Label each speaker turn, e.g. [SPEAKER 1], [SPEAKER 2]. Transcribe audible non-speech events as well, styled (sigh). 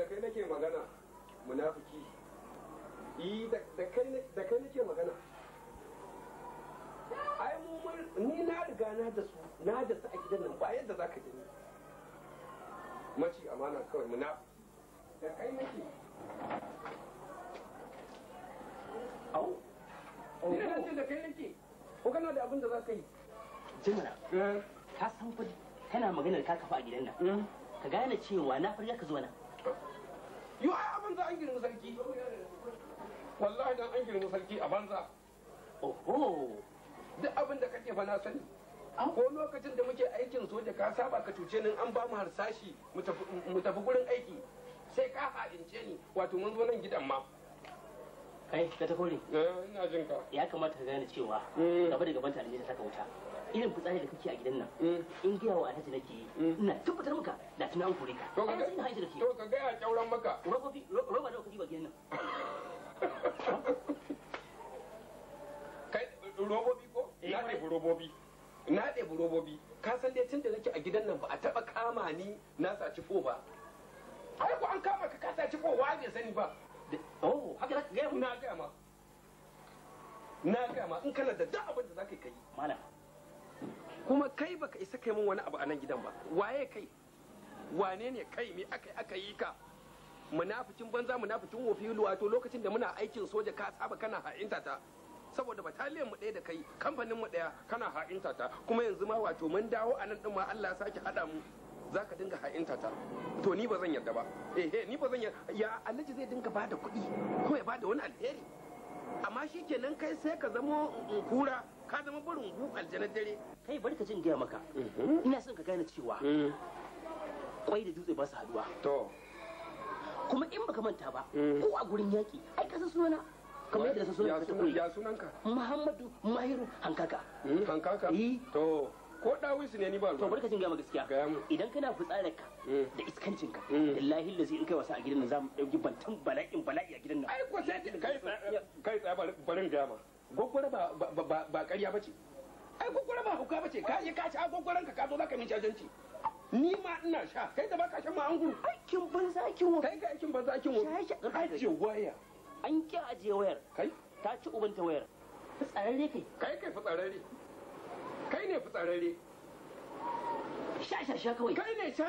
[SPEAKER 1] da kai nake magana munafiki yi e, da kai nake magana ai mu ni na riga na da su na da su a gidan nan ba yadda zaka ji ni mace amana kawai munafiki da kai nake au ina da ce da kai nake ko kana da abin da zaka yi jimra eh. ka san fa kana maganar ka kafa a gidan nan hmm. ka gane cewa na farga ka zo nan yo ai a banza an girma sarki wallahi dan an girma sarki a banza oho duk abin da kake fa na sani ko lokacin da muke aikin soja ka saba ka cuce ni an ba mu harsashi mu tafi gurin aiki sai ka haɗince ni wato mun zo nan gidan ma kai ka ta kore eh, ina jin ka ya kamata ka gane cewa eh. gaba da gaban ta ta saka wuta irin fitsari da kake a gidan nan eh. in gaya wa alhaji nake yi eh. ina tabbatar maka da tuna an kore ka to ka ga haji nake to ka ga ya kyauran maka robobi roba da kudi ba gidan nan (laughs) kai robobi ko eh, na ɗebi robobi na ɗebi robobi ka san dai tun da nake a gidan nan ba a taɓa kama ni na saci fo ba ai ko an kama ka ka saci fo wa bai sani ba oh haka na gaya ma na gaya ma in kana da duk abin da zaka yi kai malam kuma kai baka isa kai mun wani abu a nan gidan ba waye kai wane ne kai me aka aka yi ka munafikin banza munafikin wofilu wato lokacin da muna aikin soja ka saba kana ha'inta ta saboda bataliyan mu ɗaya da kai kamfanin mu ɗaya kana ha'inta ta kuma yanzu ma wato mun dawo a nan din ma Allah ya saki hada mu za ka dinga ha'inta ta to ni ba zan yarda ba eh, eh ni ba zan ya alhaji zai dinga bada kuɗi ko ya bada wani alheri amma shi kenan kai sai ka zama kura ka zama barin gu aljanar dare kai bari ka jin gaya maka mhm. ina son ka gane cewa mhm. kwai da dutse ba su haduwa to kuma in baka manta ba mhm. ko a gurin yaki ai ka san sunana
[SPEAKER 2] kamar yadda ka san ya
[SPEAKER 1] sunanka Muhammadu Mahiru Hankaka hmm? Hankaka eh. to ko dawisu ne ni ba to barka jin ga gaskiya idan kana fitsarar ka mm. da iskancin ka mm. billahi lazi in kai wasa a gidan nan zamu dauki bantan bala'in bala'i a gidan nan ai ko sai kai kai tsaya barin ga ma gogora ba ba ba ƙarya bace ai gogora ba hauka bace ka je ka ci gogoran ka ka zo zaka min cajanci ni ma ina sha kai da baka shan ma an guru aikin banza kin wa kai ka aikin banza aikin wa ajiye waya an ki ajiye wayar kai ta ci ubanta wayar fitsararre kai kai kai fitsararre ne fitsararre kai